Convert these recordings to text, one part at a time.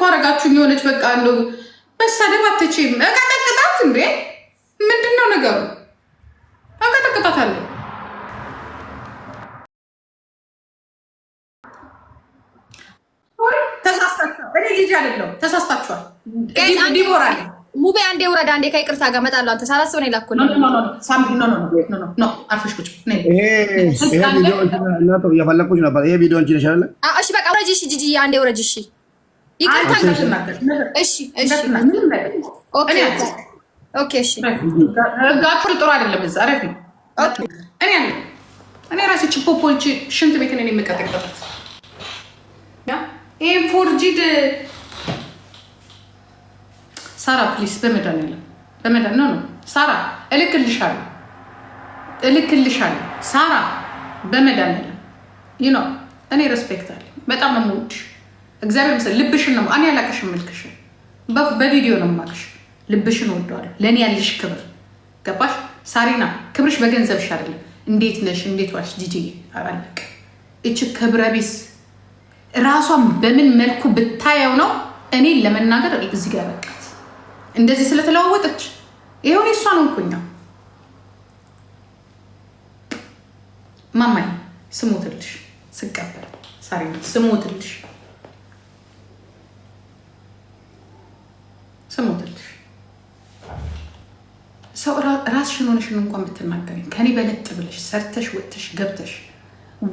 እኮ አረጋችሁ የሆነች በቃ እንደው መሳደብ አትችም። እቀጠቅጣት እንዴ! ምንድን ነው ነገሩ? እቀጠቅጣት አለ ሙቤ አንዴ ውረዳ አንዴ ከይቅርታ ጋር እመጣለሁ። አንተ ሳላስብ ነው የላኩልኝ። ይሄ ቪዲዮ አንቺ ነሽ አይደለ? እሺ በቃ ውረጅ። እሺ ጂጂ አንዴ ውረጅ። እሺ ጥሩ እኔ ራሴ ችፖፖች ሽንት ቤት ነን የምቀጠቀበት ይህ ፎርጂድ ሳራ ፕሊስ፣ በመዳን ያለ በመዳን ነው ነው ሳራ እልክልሻለሁ፣ እልክልሻለሁ ሳራ በመዳን ያለ ይህ ነው። እኔ ሬስፔክት አለኝ በጣም የምወድሽ እግዚአብሔር ምስል ልብሽን ነው። እኔ አላቅሽም፣ ምልክሽን በቪዲዮ ነው የማቅሽ። ልብሽን ወደዋለሁ። ለእኔ ያለሽ ክብር ገባሽ? ሳሪና ክብርሽ በገንዘብሽ አይደለም። እንዴት ነሽ? እንዴት ዋልሽ? ጂጂ አላለቅ እች ክብረ ቢስ ራሷን በምን መልኩ ብታየው ነው እኔ ለመናገር እዚህ ጋር በቃት። እንደዚህ ስለተለዋወጠች ይሄው እሷ ነው እንኩኛ ማማይ ስሞትልሽ ስቀበል ሳሪና ስሞትልሽ ስሙትልሽ ሰው ራስሽን ሆነሽን እንኳን ብትናገረኝ ከኔ በለጥ ብለሽ ሰርተሽ ወጥተሽ ገብተሽ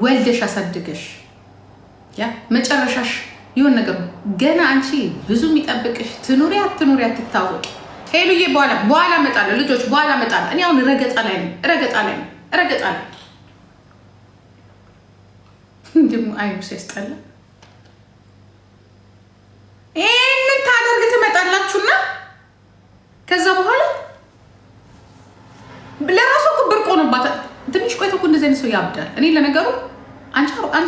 ወልደሽ አሳድገሽ ያ መጨረሻሽ ይሆን ነገር ገና አንቺ ብዙ የሚጠብቅሽ ትኑሪ አትኑሪ አትታወቂ። ሄሉዬ በኋላ በኋላ እመጣለሁ ልጆች በኋላ እመጣለሁ። እኔ አሁን ረገጣ ላይ ነው ረገጣ ላይ ነው ረገጣ ላይ ነው። ደግሞ አይኑ ሲያስጠላ ይህንን ታደርግ ትመጣላችሁና ከዛ በኋላ ለራሱ እኮ ብርቅ ሆኖባታል። ትንሽ እኮ እንደዚህ አይነት ሰው ያብዳል። እኔ ለነገሩ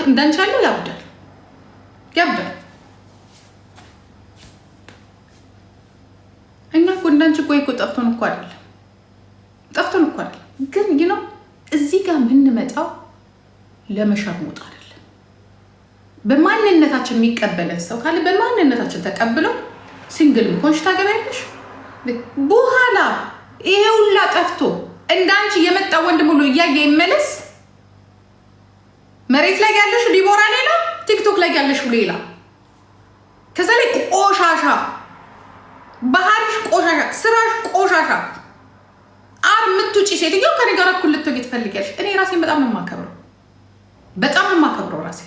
እንዳንቺ ያለው ያብዳል ያብዳል። እኛ እኮ እንዳንቺ ቆይ እኮ ጠፍቶን እኮ አይደለም ጠፍቶን እኮ አይደለም፣ ግን እዚህ ጋር የምንመጣው ለመሸር በማንነታችን የሚቀበለን ሰው ካለ በማንነታችን ተቀብሎ ሲንግል ምኮንሽ ታገቢያለሽ። በኋላ ይሄ ሁላ ጠፍቶ እንዳንቺ የመጣ ወንድ ሙሉ እያየ ይመለስ። መሬት ላይ ያለሽ ዲቦራ ሌላ፣ ቲክቶክ ላይ ያለሽ ሌላ። ከዛ ላይ ቆሻሻ፣ ባህሪሽ ቆሻሻ፣ ስራሽ ቆሻሻ። አር ምትውጪ ሴትዮ ጋር እኩል ልትወጊ ትፈልጊያለሽ። እኔ ራሴን በጣም የማከብረው፣ በጣም የማከብረው ራሴ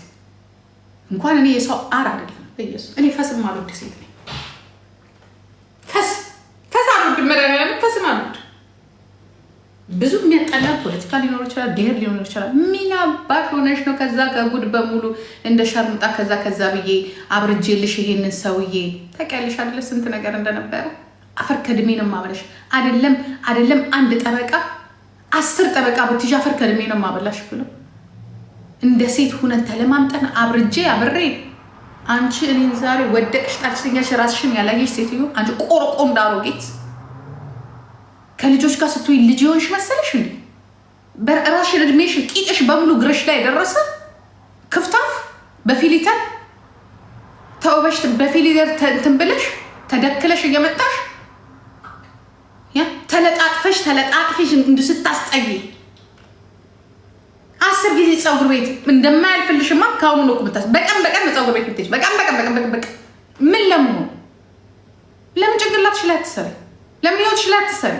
እንኳን እኔ የሰው አር አይደለም በኢየሱስ እኔ ፈስም አልወድ ሴት ነኝ። ፈስ ፈስ አልወድ መድኃኒዓለም ፈስም አልወድ። ብዙ የሚያጠላ ፖለቲካ ሊኖር ይችላል፣ ብሄር ሊኖር ይችላል። ምን አባት ሆነሽ ነው ከዛ ከጉድ በሙሉ እንደ ሸርምጣ ከዛ ከዛ ብዬ አብርጄልሽ ይሄንን ሰውዬ ታውቂያለሽ አይደለ? ስንት ነገር እንደነበረ አፈር ከድሜ ነው ማበላሽ። አይደለም አይደለም አንድ ጠበቃ አስር ጠበቃ ብትይዥ አፈር ከድሜ ነው ማበላሽ ብለው እንደ ሴት ሁነን ተለማምጠን አብርጄ አብሬ አንቺ እኔን ዛሬ ወደቅሽ ጣልሽኛሽ ራስሽን ያላየሽ ሴትዮ አንቺ ቆርቆ እንዳሮጌት ከልጆች ጋር ስትይ ልጅ የሆንሽ መሰለሽ እንዴ? በራስሽን እድሜሽን ቂጥሽ በሙሉ ግርሽ ላይ የደረሰ ክፍታፍ በፊሊተር ተውበሽ በፊሊተር እንትን ብለሽ ተደክለሽ እየመጣሽ ተለጣጥፈሽ ተለጣጥፈሽ እንዲሁ ስታስጠይ አስር ጊዜ ፀጉር ቤት እንደማያልፍልሽማ ከአሁኑ ነው ቁምታስ በቀን በቀን ፀጉር ቤት ምትሄጂ በቀን በቀን በቀን በቀን በቀን ምን ለምኑ ለምን ጭንቅላትሽ ላይ አትሰሪ? ለምን ህይወትሽ ላይ አትሰሪ?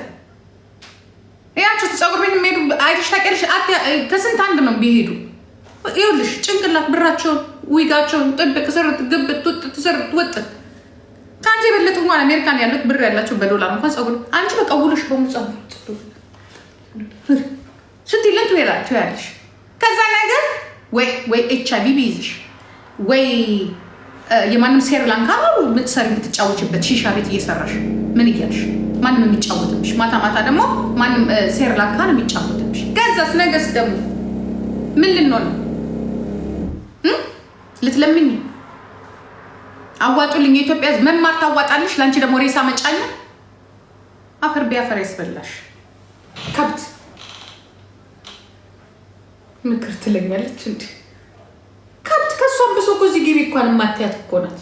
ያቸው ፀጉር ቤት የሚሄዱ አይተሽ ታውቂያለሽ። ከስንት አንድ ነው ቢሄዱ ይኸውልሽ ጭንቅላት ብራቸውን ዊጋቸውን ጥብቅ ስርት ግብት ውጥ ትስርት ወጥ ከአንቺ የበለጡ እንኳን አሜሪካን ያሉት ብር ያላቸው በዶላር እንኳን ፀጉር አንቺ በቃ ውልሽ በሙሉ ፀጉር ስትይ ለት ትያለሽ ከዛ ነገር ወይ ኤች አይቪ ቢይዝሽ ወይ የማንም ሴሪላንካ ምትሰሪ የምትጫወችበት ሺሻ ቤት እየሰራሽ ምን እያልሽ ማንም የሚጫወትብሽ ማታ ማታ ደግሞ ማንም ሴሪላንካ ነው የሚጫወትብሽ። ከዛስ ነገስ ደግሞ ምን ልንሆን ልትለምኝ አዋጡልኝ፣ የኢትዮጵያ ሕዝብ መማር ታዋጣለሽ። ለአንቺ ደግሞ ሬሳ መጫኛ አፈር ቢያፈር ያስበላሽ ከብት ምክር ትለኛለች እንዲ ከብት ከእሷን ብሶ እኮ እዚህ ግቢ እንኳን የማታያት እኮ ናት።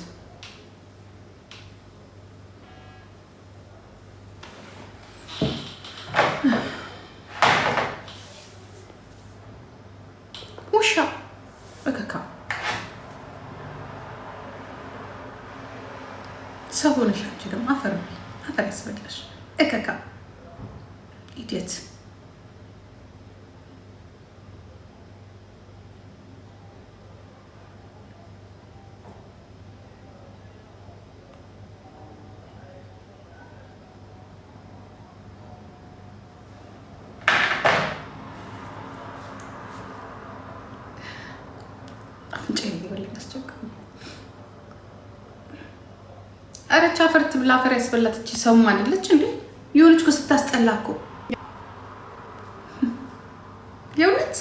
ውሻ ሰው ሆነሽ አንቺ ደግሞ አፈር አፈር ያስበላሽ እከካ ኢዲየት ብላ አፈር ያስበላት እቺ ሰውም አይደለች እንዴ? የሆነች እኮ ስታስጠላ እኮ የእውነት።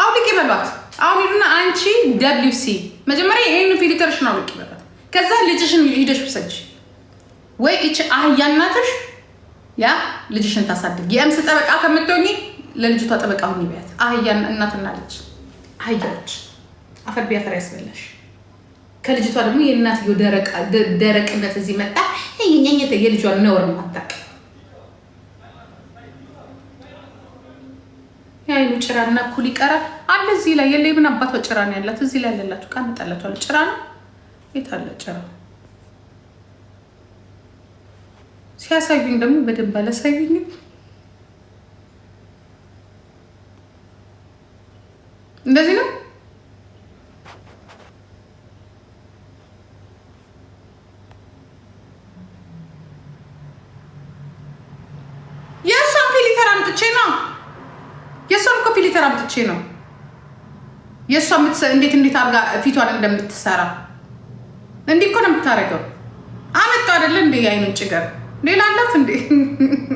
አሁን ልቅ ይበሏት። አሁን ሂዱና አንቺ ደብሊው ሲ መጀመሪያ ይህን ነው አውልቅ ይበሏት። ከዛ ልጅሽን ሂደሽ ውሰጅ ወይ እቺ አህያ እናትሽ ያ ልጅሽን ታሳድግ። የእምስ ጠበቃ ከምትሆኚ ለልጅቷ ጠበቃ ሁኚ ይበያት። አህያ እናትና ልጅ አህያዎች አፈር ቢያፈር ያስበላሽ ከልጅቷ ደግሞ የእናትዮ ደረቅነት እዚህ መጣ። ይኛኘተ የልጇን ነውር ማታቅ የአይኑ ጭራና እኩል ይቀራል አለ እዚህ ላይ የለ። የምን አባቷ ጭራ ነው ያላት? እዚህ ላይ ያለላችሁ ቃ መጣላችኋል። ጭራ ነው የት አለ ጭራ? ሲያሳዩኝ ደግሞ በደንብ አላሳዩኝም። እንደዚህ ነው ፊልተር አምጥቼ ነው የእሷ እንዴት እንዴት አድርጋ ፊቷን እንደምትሰራ እንዲህ እኮ ነው የምታደርገው። አመጣ አይደለ እንዴ? የአይኑን ጭገር ሌላ አላት እንዴ?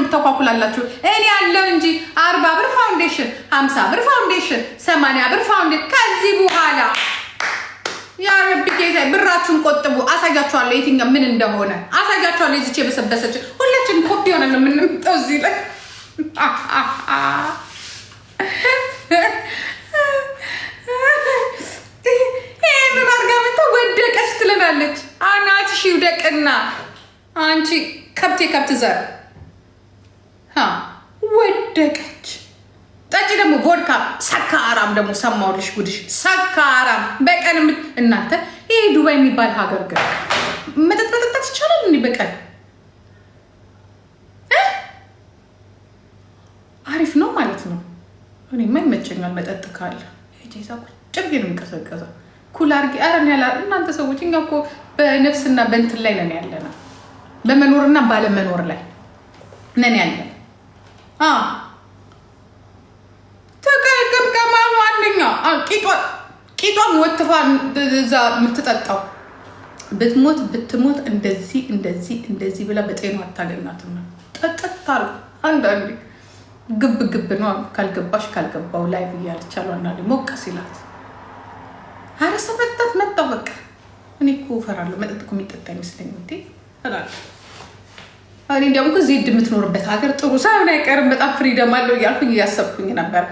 የምታኳኩላላችሁ? እኔ ያለው እንጂ አርባ ብር ፋውንዴሽን፣ ሀምሳ ብር ፋውንዴሽን፣ ሰማንያ ብር ፋውንዴሽን። ከዚህ በኋላ የአረብ ጌታ ብራችሁን ቆጥቡ። አሳያችኋለሁ፣ የትኛው ምን እንደሆነ አሳያችኋለሁ። ይዝቼ የበሰበሰች ሁላችን ኮፒ ሆነ ነው የምንምጠው እዚህ ላይ ይህንን አድርጋ መታ ወደቀች ትለናለች። አናትሽ ይውደቅና አንቺ ከብቴ ከብት ዘር ወደቀች። ጠጪ ደግሞ ቦድካ ሰካ አራም ደግሞ ሰማሁልሽ ጉድሽ ሰካ አራም በቀን እናንተ ይህ ዱባይ የሚባል ሀገር ግን መጠጥ መጠጣት ይቻላል እንዲህ በቀን አሪፍ ነው ማለት ነው። እኔማ ይመቸኛል መጠጥ ካለ ዛ ቁጭ ብዬ ነው የሚቀዘቀዘው። ኩል አድርጌ አረን ያላ እናንተ ሰዎች እኛ እኮ በነፍስና በእንትን ላይ ነን ያለነው በመኖርና ባለመኖር ላይ ነን ያለን ተቀቀማ ነው አንደኛው ቂጧን ወትፋ እዛ የምትጠጣው ብትሞት ብትሞት እንደዚህ እንደዚህ እንደዚህ ብላ በጤና አታገኛትም። ጠጠት አሉ አንዳንዴ ግብ ግብ ነው ካልገባሽ ካልገባው ላይ ብያልቻሉ እና ደግሞ ይላት አረሰ መጠጣት በቃ እኔ እኮ እፈራለሁ። መጠጥ እኮ የሚጠጣ ይመስለኝ እቴ እላለሁ እኔ ደግሞ ዜድ የምትኖርበት ሀገር ጥሩ ሳይሆን አይቀርም። በጣም ፍሪደም አለው እያልኩኝ እያሰብኩኝ ነበር።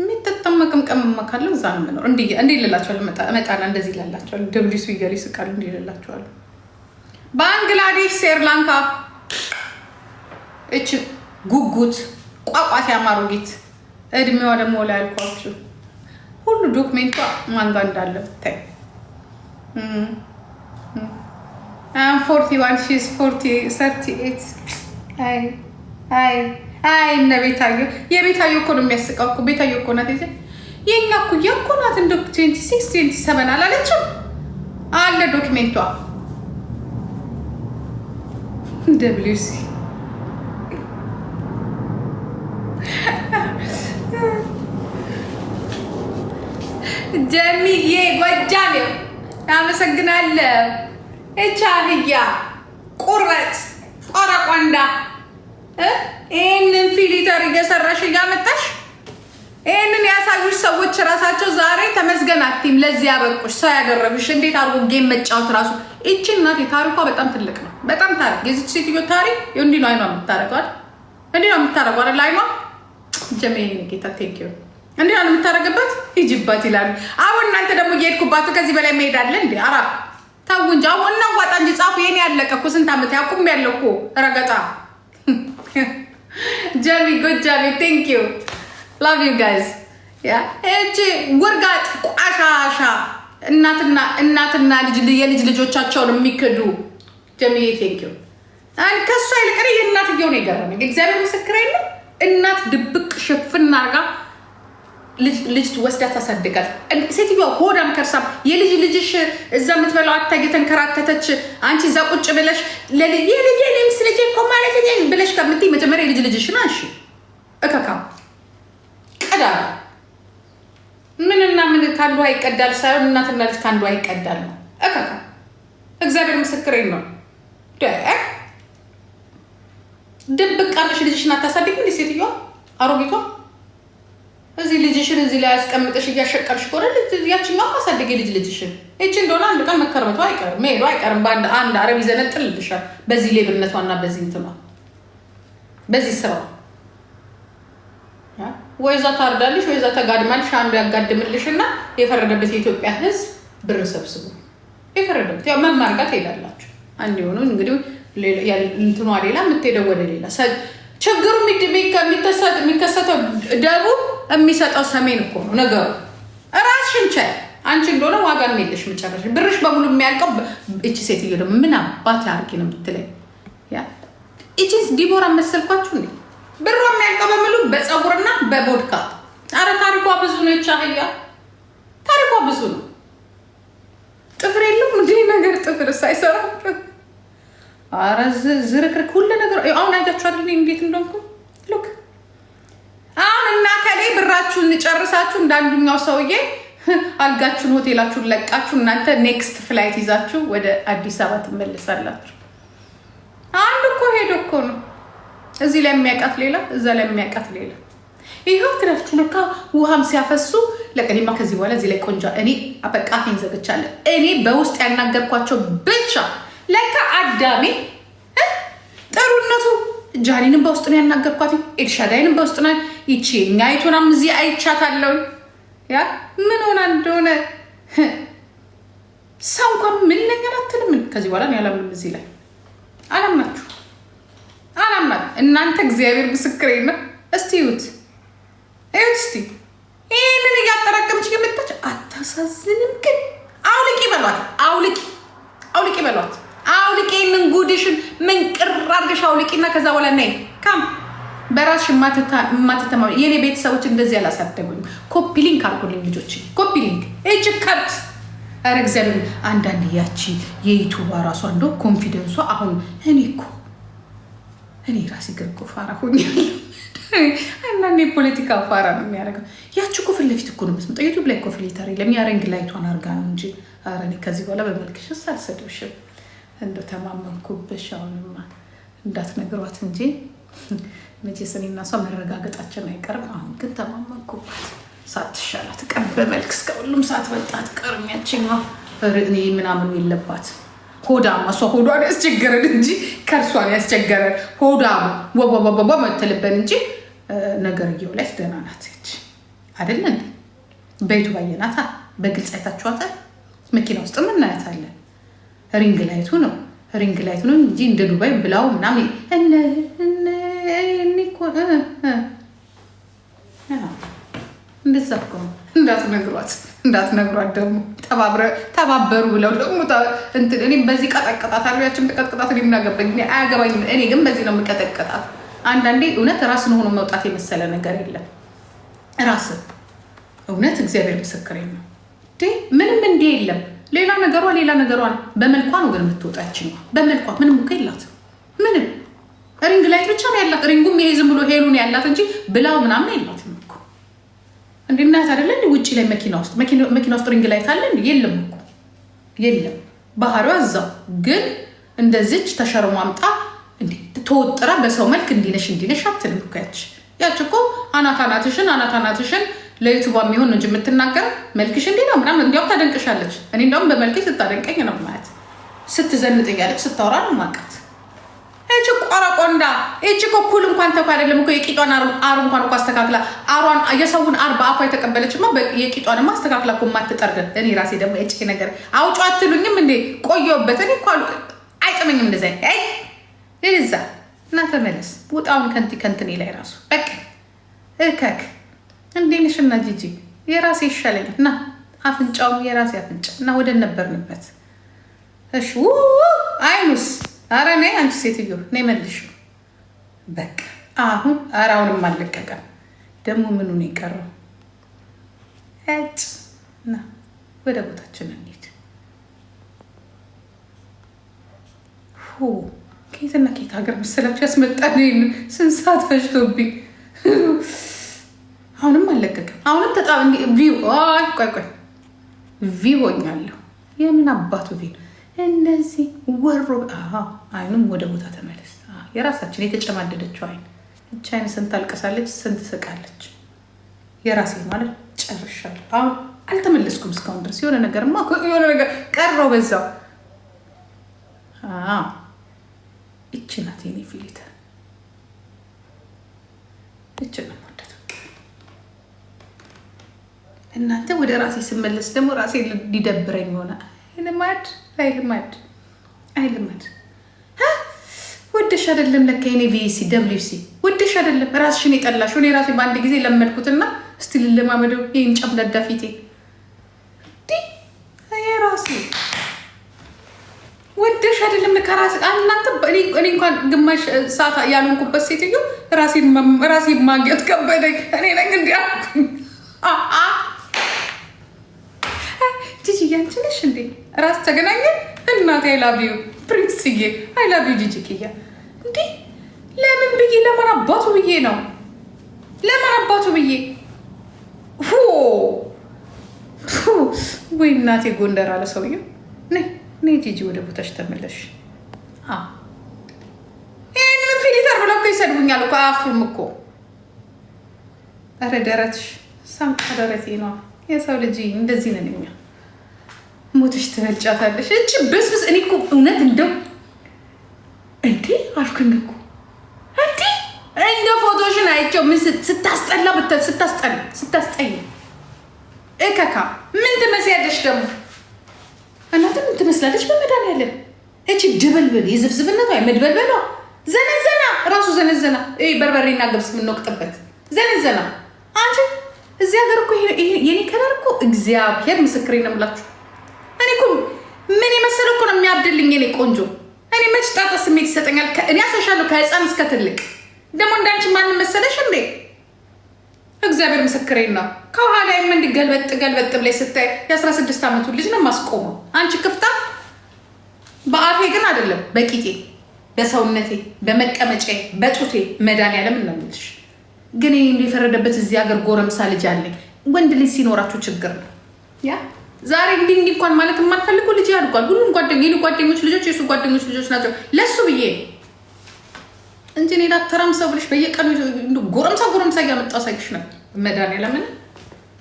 የሚጠጠመቅም ቀመማ ካለው እዛ ነው የምኖር። እንዴ ልላቸዋለሁ፣ መጣና እንደዚህ ይላላቸዋል። ደብሊሱ እያሉ ይስቃሉ። እንዴ ይልላቸዋል። ባንግላዴሽ፣ ስሪላንካ እች ጉጉት ቋቋት ያማሮጌት እድሜዋ ደግሞ ላይ አልኳችሁ ሁሉ ዶክሜንቷ ማንጋ እንዳለ ብታይ ፎርቲ ዋን ሺዝ ፎርቲ ሰርቲ ኤት አይ አይ አይ እነ ቤታዮ የቤታዮ እኮ ነው የሚያስቀው እኮ ቤታዮ እኮ ናት ይ የኛ ኩያ እኮ ናት እንደ ትዌንቲ ሲክስ ትዌንቲ ሰቨን አላለችም አለ ዶክሜንቷ ደብሊው ሲ ጀሚዬ ጎጃሜው አመሰግናለሁ እቻ አህያ ቁረጥ ቆረቆንዳ ይህንን ፊሊተር እየሰራሽ እያመጣሽ ይህንን ያሳዩሽ ሰዎች ራሳቸው ዛሬ ተመስገን አትይም። ለዚህ ያበቁሽ ሰው ያደረጉሽ እንዴት አድርጎ ጌም መጫወት ራሱ ይቺ እናቴ ታሪኳ በጣም ትልቅ ነው። በጣም ታሪክ የዚች ሴትዮ ታሪክ ነው። አይኗ ነው አይኗ ጀሜ ጌታ ነው ይላሉ። አሁን እናንተ ደግሞ እየሄድኩባት ከዚህ በላይ መሄዳለን እንዲ አራ ተው እንጂ አሁን እናዋጣ እንጂ ጻፉ። የኔ ያለቀ እኮ ስንት ዓመት ያቁም ያለው እኮ ረገጣ። ጀሚ ጎጃሚ ቴንክ ዩ ላቭ ዩ ጋይዝ። እቺ ውርጋጥ ቆሻሻ እናትና እናትና ልጅ የልጅ ልጆቻቸውን የሚክዱ ጀሚ ቴንክ ዩ። ከእሷ ይልቅ እኔ የእናትየው ነው የገረመኝ። እግዚአብሔር ምስክር የለም እናት ድብቅ ሽፍን አድርጋ? ልጅ ወስዳ ታሳድጋል። ሴትዮዋ ሆዳም ከርሳም የልጅ ልጅሽ እዛ የምትበላው አታ እየተንከራተተች አንቺ እዛ ቁጭ ብለሽ የልጄንም እኮ ማለት ብለሽ ከምትይ መጀመሪያ የልጅ ልጅሽን አንሺ። እከካ ቀዳ ምንና ምን ከአንዱ አይቀዳል ሳይሆን እናትና ልጅ ከአንዱ አይቀዳል ነው። እከካ እግዚአብሔር ምስክሬ ነው። ድብቅ ቀርሽ ልጅሽን አታሳድግ እንዲ ሴትዮዋ አሮጊቷ እዚህ ልጅሽን እዚህ ላይ ያስቀምጥሽ እያሸቀልሽ ከሆነ ያችኛው ማሳደግ ልጅ ልጅሽን ይቺ እንደሆነ አንድ ቀን መከርመቷ አይቀርም፣ መሄዱ አይቀርም። በአንድ አንድ አረብ ይዘነጥልልሻል። በዚህ ሌብነቷ ሌብነቷና በዚህ እንትኗ በዚህ ስራው ወይዛ ታርዳልሽ፣ ወይዛ ተጋድማልሽ። አንዱ ያጋድምልሽ ያጋድምልሽና የፈረደበት የኢትዮጵያ ሕዝብ ብር ሰብስቡ የፈረደበት ያው መማርጋት ሄዳላችሁ። አንድ የሆኑ እንግዲህ እንትኗ ሌላ የምትሄደው ወደ ሌላ ችግሩ የሚከሰተው ደቡብ የሚሰጠው ሰሜን እኮ ነው ነገሩ። ራስሽን ቻይ። አንቺ እንደሆነ ዋጋ የለሽ መጨረሽ ብርሽ በሙሉ የሚያልቀው እቺ ሴትዮ ደግሞ ምን አባት አርጊ ነው የምትለኝ? እቺን ዲቦራ መሰልኳችሁ እ ብሯ የሚያልቀው በሙሉ በፀጉርና በቦድካ። አረ ታሪኳ ብዙ ነው። ይቻ አህያ ታሪኳ ብዙ ነው። ጥፍር የለም እንዲህ ነገር ጥፍር ሳይሰራ ኧረ ዝርክርክ ሁሉ ነገር አሁን አያችሁ አይደል? እንዴት እንደሆንኩ ሉክ አሁን እና ከሌ ብራችሁን ጨርሳችሁ እንዳንዱኛው ሰውዬ አልጋችሁን ሆቴላችሁን ለቃችሁ እናንተ ኔክስት ፍላይት ይዛችሁ ወደ አዲስ አበባ ትመለሳላችሁ። አንድ እኮ ሄዶ እኮ ነው እዚህ ላይ ሌላ፣ እዛ ላይ ሌላ። ይኸው ትላችሁ ነካ ውሃም ሲያፈሱ ለቀኔማ ከዚህ በኋላ እዚህ ላይ ቆንጃ እኔ አበቃፊን ዘግቻለሁ። እኔ በውስጥ ያናገርኳቸው ብቻ ለካ አዳሜ ጥሩነቱ ጃኒንም በውስጥ ነው ያናገርኳት፣ ኤልሻዳይንም በውስጥ ነው ይቺ ኛይቱናም እዚህ አይቻታለሁ። ያ ምን ሆና እንደሆነ ሰው እንኳን ምን ነገር አትልም። ከዚህ በኋላ ያላምንም እዚህ ላይ አላምናችሁ አላምና እናንተ እግዚአብሔር ምስክሬ ነው። እስቲ ዩት ዩት እስቲ ይህንን እያጠራቀምች የመጣች አታሳዝንም? አውልቂና ከዛ በኋላ ነይ ካም በራስሽ ማትተማ የኔ ቤተሰቦች እንደዚህ ያላሳደጉኝ። ኮፒ ሊንክ አርጉልኝ ልጆች፣ ኮፒ ሊንክ እጅ ከብት ኧረ እግዚአብሔር አንዳንድ ያቺ የዩቱባ ራሷ እንደ ኮንፊደንሷ አሁን እኔ እኮ እኔ ራሴ ግር ፋራ ሆኛለሁ። አንዳንድ የፖለቲካ ፋራ ነው የሚያደርገው። ያቺ እኮ ፊት ለፊት እኮ ነው የምትመጣው። ዩቱብ ላይ እኮ ፊልተር የለም። ያረንግ ላይቷን አርጋ ነው እንጂ ኧረ እኔ ከዚህ በኋላ በመልክሽ ሳልሰድብሽም እንደ ተማመንኩብሽ አሁንማ እንዳትነግሯት እንጂ መቼስ እኔ እና እሷ መረጋገጣችን አይቀርም። አሁን ግን ተማመንኩባት። ሳትሻላት ቀን በመልክ እስከ ሁሉም ሰዓት በልጣት ቀርሚያችን እኔ ምናምኑ የለባት ሆዳማ እሷ ሆዷን ያስቸገረን እንጂ ከእርሷን ያስቸገረን ሆዳማ ወወወወ መትልበን እንጂ ነገር እየው ላይ ደህና ናት። ች አይደለ እንዴ? በይቱ ባየናታ በግልጽ አይታችኋታል። መኪና ውስጥ ምናያታለን ሪንግ ላይቱ ነው ሪንግ ላይት ነው እንጂ እንደ ዱባይ ብላው ምናምን እንደዛ እኮ ነው። እንዳትነግሯት እንዳትነግሯት ደግሞ ተባበሩ ብለው ደግሞ እንትን እኔም በዚህ ቀጠቅጣት አሪያችን ተቀጥቅጣት እኔ ምን አገባኝ አያገባኝም። እኔ ግን በዚህ ነው የምቀጠቅጣት። አንዳንዴ እውነት ራስን ሆኖ መውጣት የመሰለ ነገር የለም። ራስን እውነት እግዚአብሔር ምስክሬ ነው። ምንም እንዲህ የለም ሌላ ነገሯ ሌላ ነገሯ ነው። በመልኳ ነገር ግን የምትወጣችን በመልኳ ምንም እኮ የላት ምንም ሪንግ ላይት ብቻ ነው ያላት። ሪንጉም ይሄ ዝም ብሎ ሄሉን ያላት እንጂ ብላው ምናምን የላት እኮ እንደ እናት ውጭ ላይ መኪና ውስጥ መኪና ውስጥ ሪንግ ላይት አለ የለም እኮ የለም። ባህሪዋ እዛው ግን እንደዚች ተሸርሟምጣ ተወጥራ በሰው መልክ እንዲነሽ እንዲነሽ አትልም እኮ ያች ያች እኮ አናት አናትሽን አናት አናትሽን ለዩቱባ የሚሆን እንጂ የምትናገር መልክሽ እንዲህ ነው ምናምን። እንዲያውም ታደንቅሻለች። እኔ እንዲያውም በመልክሽ ስታደንቀኝ ነው ማለት ስትዘንጥ እያለች ስታወራ ነው ማቀት እች ቆረቆንዳ እች ኮኩል እንኳን ተኳ አይደለም እ የቂጧን አሩ እንኳን እኮ አስተካክላ አሯን የሰውን አር በአፏ የተቀበለችማ የቂጧንማ አስተካክላ እኮ የማትጠርግ እኔ ራሴ ደግሞ የጭ ነገር አውጮ አትሉኝም እንዴ? ቆየሁበት እኔ እኮ አይጥመኝም እንደዚ ይዛ እና ተመለስ ውጣውን ከንቲ ከንትኔ ላይ ራሱ በቃ እከክ እንዴት ነሽ? እና ጂጂ የራሴ ይሻለኝ እና አፍንጫውም የራሴ አፍንጫ እና ወደ ነበርንበት እሺ። አይኑስ አረ ነይ አንቺ ሴትዮ ነይ መልሽ። በቃ አሁን አረ አሁንም አልለቀቀም ደግሞ ምኑን የቀረው እጭ እና ወደ ቦታችን እንሂድ። ከየትና ከየት ሀገር መሰላችሁ ያስመጣ ስንት ሰዓት ፈጅቶብኝ አሁንም አልለቀቅም። አሁንም ተጣ ቆይ ቆይ ሆኛለሁ። የምን አባቱ ቪ እንደዚህ ወሮ አይኑም ወደ ቦታ ተመለስ። የራሳችን የተጨማደደችው አይን እቻ አይን ስንት አልቀሳለች፣ ስንት ስቃለች። የራሴ ማለት ጨርሻለሁ። አሁን አልተመለስኩም እስካሁን ድረስ የሆነ ነገር የሆነ ነገር ቀረው በዛው እቺ ናት የኔ ፊሊተር እች ነው እናንተ ወደ ራሴ ስመለስ ደግሞ ራሴ ሊደብረኝ ሆነ። ልማድ አይልማድ አይልማድ ወደሽ አይደለም ለካ የኔ ቪሲ ደብሊው ወደሽ አይደለም ራስሽን የጠላሽ እኔ ራሴ በአንድ ጊዜ ለመድኩትና እስቲ ልለማመደው ይህን ጨምለዳ ፊቴ ራሴ ወደሽ አይደለም ለካ ራሴ እናንተ እኔ እንኳን ግማሽ ሰዓት ያልሆንኩበት ሴትዮ ራሴን ማግኘት ከበደኝ እኔ ነኝ እንዲያ አንቺ ነሽ እንዴ? ራስ ተገናኘ እናቴ አይላቪዩ ፕሪንስዬ፣ ዩ ጂጂክያ። እንዴ ለምን ብዬ ለማን አባቱ ብዬ ነው ለማን አባቱ ብዬ ወይ እናቴ ጎንደር አለ ሰውየው። ነይ ጂጂ ወደ ቦታሽ ተመለሽ። ይህንን ፊሊተር ብለው እኮ ይሰድቡኛል እኮ አያፍሩም እኮ። ኧረ ደረትሽ ሳምጣ ደረቴ የሰው ልጅ እንደዚህ ነን እኛ። ሞትሽ ትበልጫታለሽ። እች በስብስ እኔ እኮ እውነት እንደው እንዴ አልኩኝ እኮ እንዴ እንደ ፎቶሽን አይቼው ምን ስታስጠላ ስታስጠላ ስታስጠይ እከካ ምን ትመስያለሽ ደግሞ እናትም ምን ትመስላለች? በመዳን ያለን እች ድብልብል የዝብዝብነቷ የመድበልበሏ ዘነዘና ራሱ ዘነዘና በርበሬና ገብስ የምንወቅጥበት ዘነዘና። አንቺ እዚህ ሀገር እኮ የኔ ከለር እኮ እግዚአብሔር ምስክሬ ነው የምላችሁ እኔ እኮ ምን የመሰለ እኮ ነው የሚያብድልኝ የኔ ቆንጆ። እኔ መች ጣጣ ስሜት ይሰጠኛል? እኔ አሳሻለሁ ከህፃን እስከ ትልቅ። ደግሞ እንዳንቺ ማን መሰለሽ እንዴ? እግዚአብሔር ምስክሬን ነው። ከኋላዬም እንዲህ ገልበጥ ገልበጥ ብላይ ስታይ የ16 ዓመቱ ልጅ ነው የማስቆመው። አንቺ ክፍታ በአፌ ግን አይደለም በቂጤ በሰውነቴ በመቀመጫ በጡቴ መድኃኒዓለም እናምልሽ። ግን ይህ የፈረደበት እዚህ ሀገር ጎረምሳ ልጅ አለኝ። ወንድ ልጅ ሲኖራችሁ ችግር ነው ያ ዛሬ እንዲህ እንዲህ እንኳን ማለት የማትፈልጉ ልጅ ያድጓል። ሁሉም ጓደኞች ጓደኞች ልጆች የሱ ጓደኞች ልጆች ናቸው። ለሱ ብዬ እንጂ ሌላ ሰው ብልሽ በየቀኑ ጎረምሳ ጎረምሳ እያመጣው ሳይሽ ነው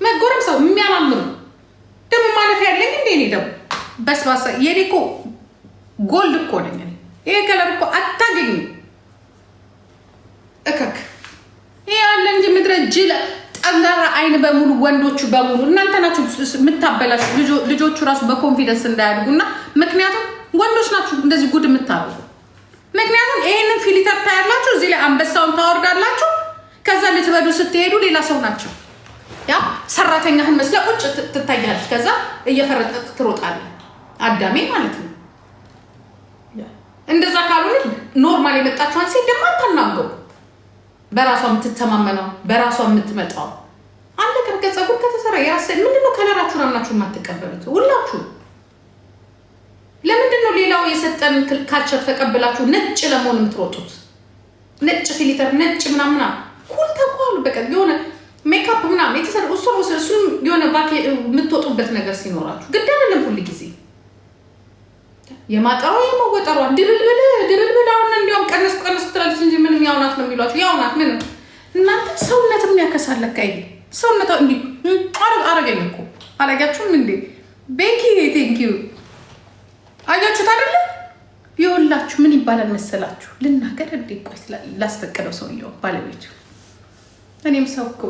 መጎረም ሰው የሚያማምሩ ደግሞ ማለት ያለኝ እንደ እኔ ደግሞ በስባሳ የኔ እኮ ጎልድ እኮ ነኝ ይሄ ከለር እኮ አታገኙ እከክ ይሄ አለ እንጂ ምድረ ጅለ ጠንጋራ አይን በሙሉ ወንዶቹ በሙሉ እናንተ ናችሁ የምታበላሹ። ልጆቹ ራሱ በኮንፊደንስ እንዳያድጉና ምክንያቱም ወንዶች ናችሁ እንደዚህ ጉድ የምታደርጉ። ምክንያቱም ይህንን ፊሊተር ታያላችሁ፣ እዚህ ላይ አንበሳውን ታወርዳላችሁ። ከዛ ልትበዱ ስትሄዱ ሌላ ሰው ናቸው። ያ ሰራተኛህን መስለ ቁጭ ትታያለች። ከዛ እየፈረጠጥ ትሮጣለ አዳሜ ማለት ነው። እንደዛ ካልሆነ ኖርማል የመጣችኋን ሴት ደግሞ አታናገሩ። በራሷ የምትተማመነው በራሷ የምትመጣው አንድ ቀን ከፀጉር ከተሰራ የራስ ምንድነው? ከለራችሁን አምናችሁ የማትቀበሉት ሁላችሁ ለምንድነው? ሌላው የሰጠን ካልቸር ተቀብላችሁ ነጭ ለመሆን የምትሮጡት? ነጭ ፊሊተር፣ ነጭ ምናምና ኩል ተኳሉ። በቃ የሆነ ሜካፕ ምናምን የተሰ እሱም የሆነ የምትወጡበት ነገር ሲኖራችሁ ግድ አይደለም ሁል ጊዜ የማጠሯ የመወጠሯ ድብልብል ድብልብል። አሁን እንዲያውም ቀነስ ቀነስ ትላለች እንጂ ምንም ያውናት ነው የሚሏት ያውናት ምንም እናንተ ሰውነት የሚያከሳለካ ይ ሰውነት እንዲ አረግ አረገኝ እኮ አላያችሁም እንዴ? ቤኪ ቴንክ ዩ አያችሁት አይደለ? የወላችሁ ምን ይባላል መሰላችሁ? ልናገር እንዴ? ቆይ ላስፈቀደው ሰውየው ባለቤቱ እኔም ሰው እኮ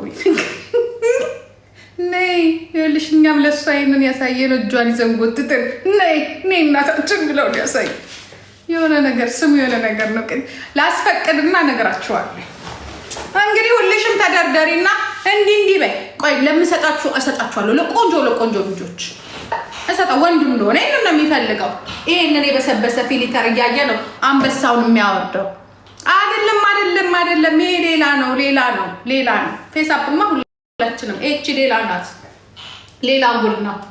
ነይ ይኸውልሽ፣ እኛም ለእሷ ይህንን ያሳየን እጇን ይዘን ጎትተን ነይ ነይ እናታችን ብለውን ያሳይ የሆነ ነገር ስሙ የሆነ ነገር ነው። ቅድ ላስፈቅድና ነገራችኋለሁ። እንግዲህ ሁልሽም ተደርደሪና እንዲህ እንዲህ በይ። ቆይ ለምሰጣችሁ እሰጣችኋለሁ። ለቆንጆ ለቆንጆ ልጆች እሰጣ ወንድ እንደሆነ ይህንን ነው የሚፈልገው። ይህንን የበሰበሰ ፊሊተር እያየ ነው አንበሳውን የሚያወርደው። አይደለም አይደለም አይደለም። ይሄ ሌላ ነው ሌላ ነው ሌላ ነው። ፌስ አፕማ ሁላችንም እቺ ሌላ ናት፣ ሌላ ጉድ ናት።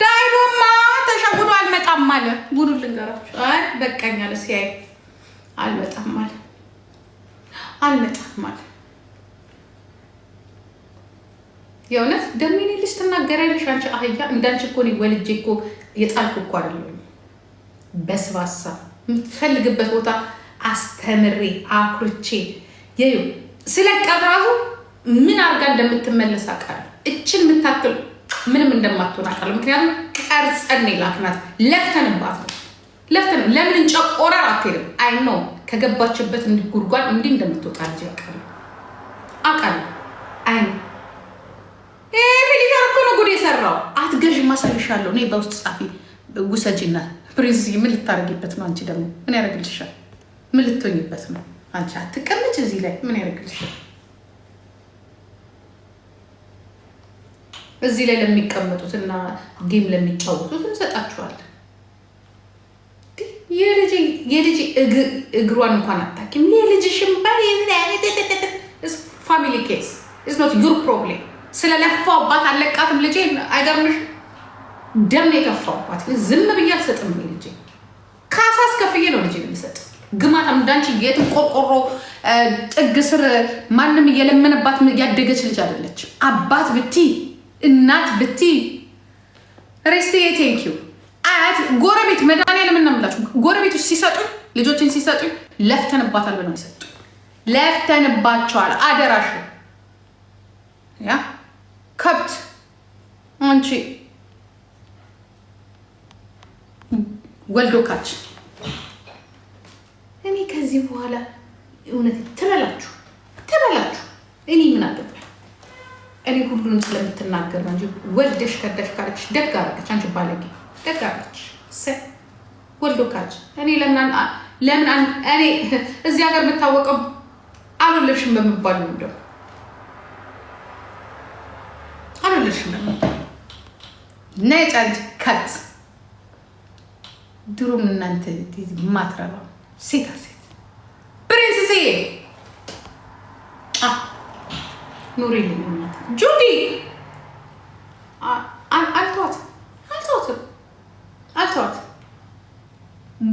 ዳይቦማ ተሸጉዶ አልመጣም አለ። ጉዱ ልንገራችሁ። አይ በቃኝ አለ ሲያይ አልመጣም አለ፣ አልመጣም አለ። የእውነት ደሜኔ ልጅ ትናገሪያለሽ አንቺ አህያ። እንዳንቺ እኮ እኔ ወልጄ እኮ የጣልኩ እኮ አይደለሁም። በስባሳ የምትፈልግበት ቦታ አስተምሬ አኩርቼ ስለቀራሁ ምን አድርጋ እንደምትመለስ አውቃለሁ። እችን የምታክል ምንም እንደማትሆን አውቃለሁ። ምክንያቱም ቀርፀን ላክናት ለፍተንባት ነው ለፍተን ለምን እንጨቆረር አትሄድም። አይ ነው ከገባችበት እንዲጉድጓድ እንዲህ እንደምትወጣ ልጅ ያውቃለሁ አውቃለሁ። አይ ነው ፊሊካር እኮ ነው ጉድ የሰራው። አትገዥ አሳይሻለሁ። እኔ በውስጥ ጻፊ ውሰጂና ፕሪንስ ምን ልታደርጊበት ነው? አንቺ ደግሞ ምን ያደርግልሻል? ምን ልትሆኝበት ነው? አንቺ አትቀመጭ እዚህ ላይ ምን ያደርግልሻል? እዚህ ላይ ለሚቀመጡት እና ጌም ለሚጫወቱት እንሰጣችኋል። የልጅ እግሯን እንኳን አታኪም። የልጅ ሽንባ ፋሚሊ ኬስ ኢዝ ኖት ዩር ፕሮብሌም። ስለለፋውባት አለቃትም ልጅ አይገርምሽ? ደም የከፋውባት ዝም ብዬ አልሰጥም። ልጅ ካሳ አስከፍዬ ነው ልጅ የሚሰጥ ግማት እንዳንቺ የትም ቆርቆሮ ጥግ ስር ማንም እየለመነባት ያደገች ልጅ አይደለች። አባት ብቲ እናት ብቲ ሬስቴ ቴንኪዩ አያት ጎረቤት መድኃኒዓለም ነው የምላችሁ። ጎረቤቶች ሲሰጡ ልጆችን ሲሰጡ ለፍተንባታል ብለው ይሰጡ ለፍተንባቸዋል። አደራሽ ያ ከብት አንቺ ወልዶካች እኔ ከዚህ በኋላ እውነት ትበላችሁ ትበላችሁ እኔ ምን አገባ እኔ ሁሉንም ስለምትናገር ነው እንጂ ወልደሽ ከዳሽ ካለች ደግ አረገች። አንቺ ባለጌ ደግ አረገች። ወልዶ ካች እኔ ለምን እኔ እዚህ ሀገር የምታወቀው አልወለድሽም በምባል ነው። እንደው አልወለድሽም በምባል ነጫጅ ከት ድሮም እናንተ ማትረባ ሴታ ሴት ፕሪንስሴ ኑሪልኝ ጁዲ አልተዋት አልተዋትም አልተዋት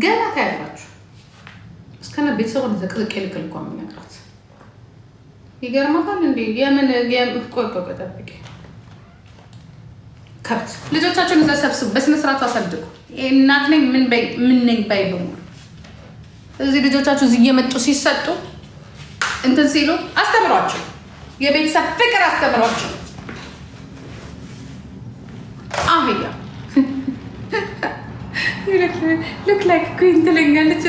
ገና ታያላችሁ። እስከነ ቤተሰቡ ዘቅዝቅ ልክል እኳ የሚነግራት ይገርማታል። እንዲ የምን ቆይ ቆይ ከብት ልጆቻቸውን እዛ ሰብስቡ፣ በስነስርዓቱ አሳድጉ። እናት ነኝ ምን ነኝ ባይ በሙሉ እዚህ ልጆቻችሁ እዚህ እየመጡ ሲሰጡ እንትን ሲሉ አስተምሯቸው። የቤተሰብ ፍቅር አስተምሯቸው። አህያ ልክ ላይክ ኩን ትለኛለች።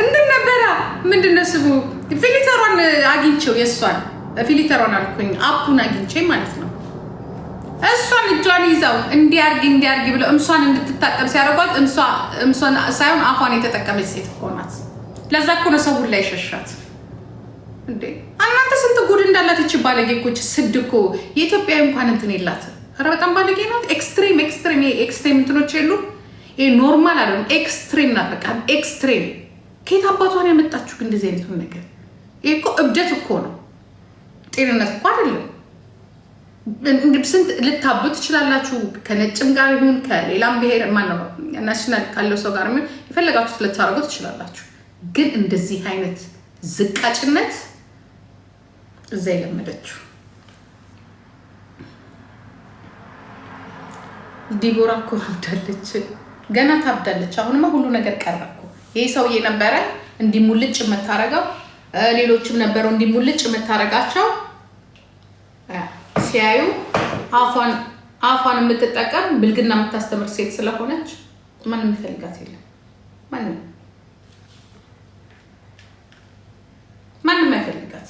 እንትን ነበረ ምንድን ነው ስሙ ፊሊተሯን አግኝቼው የእሷን ፊሊተሯን አልኩኝ አፑን አግኝቼ ማለት ነው። እሷን እጇን ይዛው እንዲያርግ እንዲያርግ ብለው እምሷን እንድትታጠብ ሲያደርጓት እምሷን ሳይሆን አፏን የተጠቀመች ሴት እኮ ናት። ለዛ እኮ ነው ሰው ሁላ ይሸሻት። እንዴ እናንተ ስንት ጉድ እንዳላት ይች ባለጌ ኮች ስድ እኮ የኢትዮጵያ እንኳን እንትን የላት። ኧረ በጣም ባለጌ ናት። ኤክስትሪም ኤክስትሪም ኤክስትሪም እንትኖች የሉ ይሄ ኖርማል አይደለም። ኤክስትሪም ናት። በቃ ኤክስትሪም ከየት አባቷን ያመጣችሁ እንደዚህ አይነቱን ነገር? ይሄ እኮ እብደት እኮ ነው። ጤንነት እኮ አይደለም። እንግዲህ ስንት ልታቡ ትችላላችሁ። ከነጭም ጋር ይሁን ከሌላም ብሔር ማነው ናሽናል ካለው ሰው ጋር ይሁን የፈለጋችሁት ልታደርጉ ትችላላችሁ። ግን እንደዚህ አይነት ዝቃጭነት እዛ የለመደችው ዲቦራ እኮ አብዳለች፣ ገና ታብዳለች። አሁንማ ሁሉ ነገር ቀረ እኮ። ይህ ሰውዬ ነበረ እንዲሙልጭ የምታረገው፣ ሌሎችም ነበረው እንዲሙልጭ የምታረጋቸው። ሲያዩ አፏን የምትጠቀም ብልግና የምታስተምር ሴት ስለሆነች ማንም የሚፈልጋት የለም። ማንም ማንም አይፈልጋት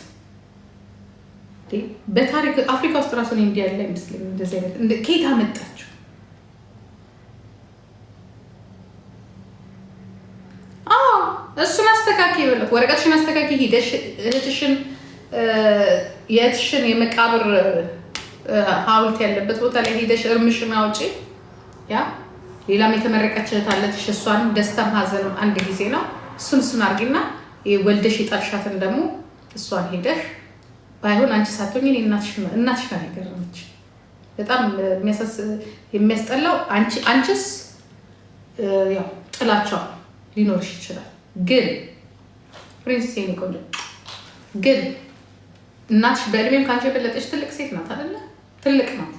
በታሪክ አፍሪካ ውስጥ ራሱን እንዲ ያለ አይመስለኝም። እንደዚህ አይነት እንደ ከየት አመጣችሁ? እሱን አስተካኪ ይበላት፣ ወረቀትሽን አስተካኪ፣ ሂደሽ እህትሽን የእህትሽን የመቃብር ሐውልት ያለበት ቦታ ላይ ሄደሽ እርምሽን አውጪ። ያ ሌላም የተመረቀች እህት አለትሽ፣ እሷን ደስታም ሀዘንም አንድ ጊዜ ነው። እሱን እሱን አርጊና ወልደሽ የጣልሻትን ደግሞ እሷን ሄደሽ ባይሆን አንቺ ሳትሆኝ እናትሽ ነው የገረመች። በጣም የሚያስጠላው አንቺስ ያው ሊኖርሽ ይችላል፣ ግን ፕሪንስ የኔ ቆንጆ ግን እናትሽ በእድሜም ከአንቺ የበለጠች ትልቅ ሴት ናት አይደለ? ትልቅ ናት።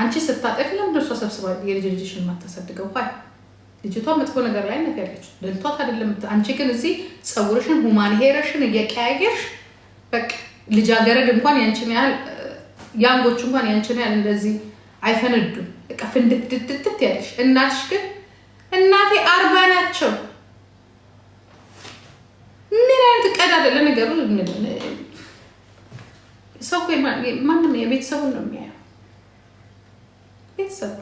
አንቺ ስታጠፊ ለምንድን እሷ ሰብስባ የልጅ ልጅሽን የማታሳድገው? ይ ልጅቷ መጥፎ ነገር ላይ ነት ያለች ደልቷት አይደለም። አንቺ ግን እዚህ ፀጉርሽን ሁማን ሄረሽን እየቀያየርሽ በቃ ልጃገረድ እንኳን ያንችን ያህል ያንጎች እንኳን ያንችን ያህል እንደዚህ አይፈነዱም። በቃ ፍንድትትትት ያለሽ እናትሽ ግን እናቴ አርባ ናቸው። ምን አይነት ቀዳ አደለ ነገሩ። ሰው ማንም የቤተሰቡን ነው የሚያየው። ቤተሰቡ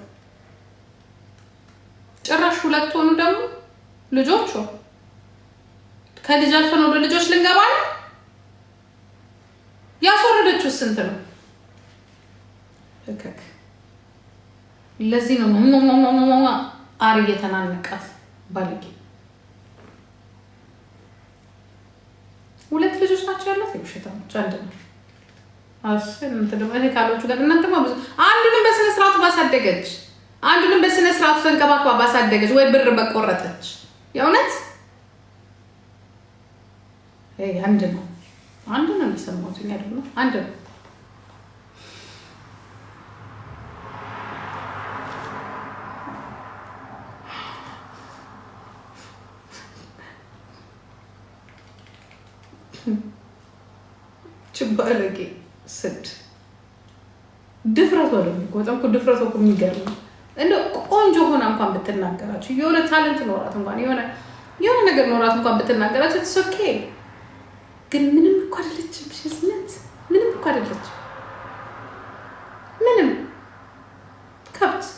ጭራሽ ሁለት ሆኑ ደግሞ ልጆቹ ከልጅ አልፈን ወደ ልጆች ልንገባ ነው። ያስወረደችው ስንት ነው? እከክ ለዚህ ነው አር እየተናነቃት ባልጌ ሁለት ልጆች ናቸው ያሏት። የውሸታሞች አንድ ነው። እህት ካሏችሁ ጋር እናንተማ ብዙ አንዱንም በስነ ስርዓቱ ባሳደገች አንዱንም በስነ ስርዓቱ ተንከባክባ ባሳደገች ወይ ብር በቆረጠች የእውነት አንድ ነው። አንድ ነው የሚሰማት ያደለ አንድ ነው። ችባለጌ ስድ ድፍረቷ ደግሞ በጣም ድፍረቷ የሚገርም እንደ ቆንጆ ሆና እንኳን ብትናገራቸው የሆነ ታለንት ኖራት እንኳን የሆነ ነገር ኖራት እንኳን ብትናገራቸው ትሶኬ ግን ምንም እኮ አይደለችም። ሽዝነት ምንም እኮ አይደለችም። ምንም ከብት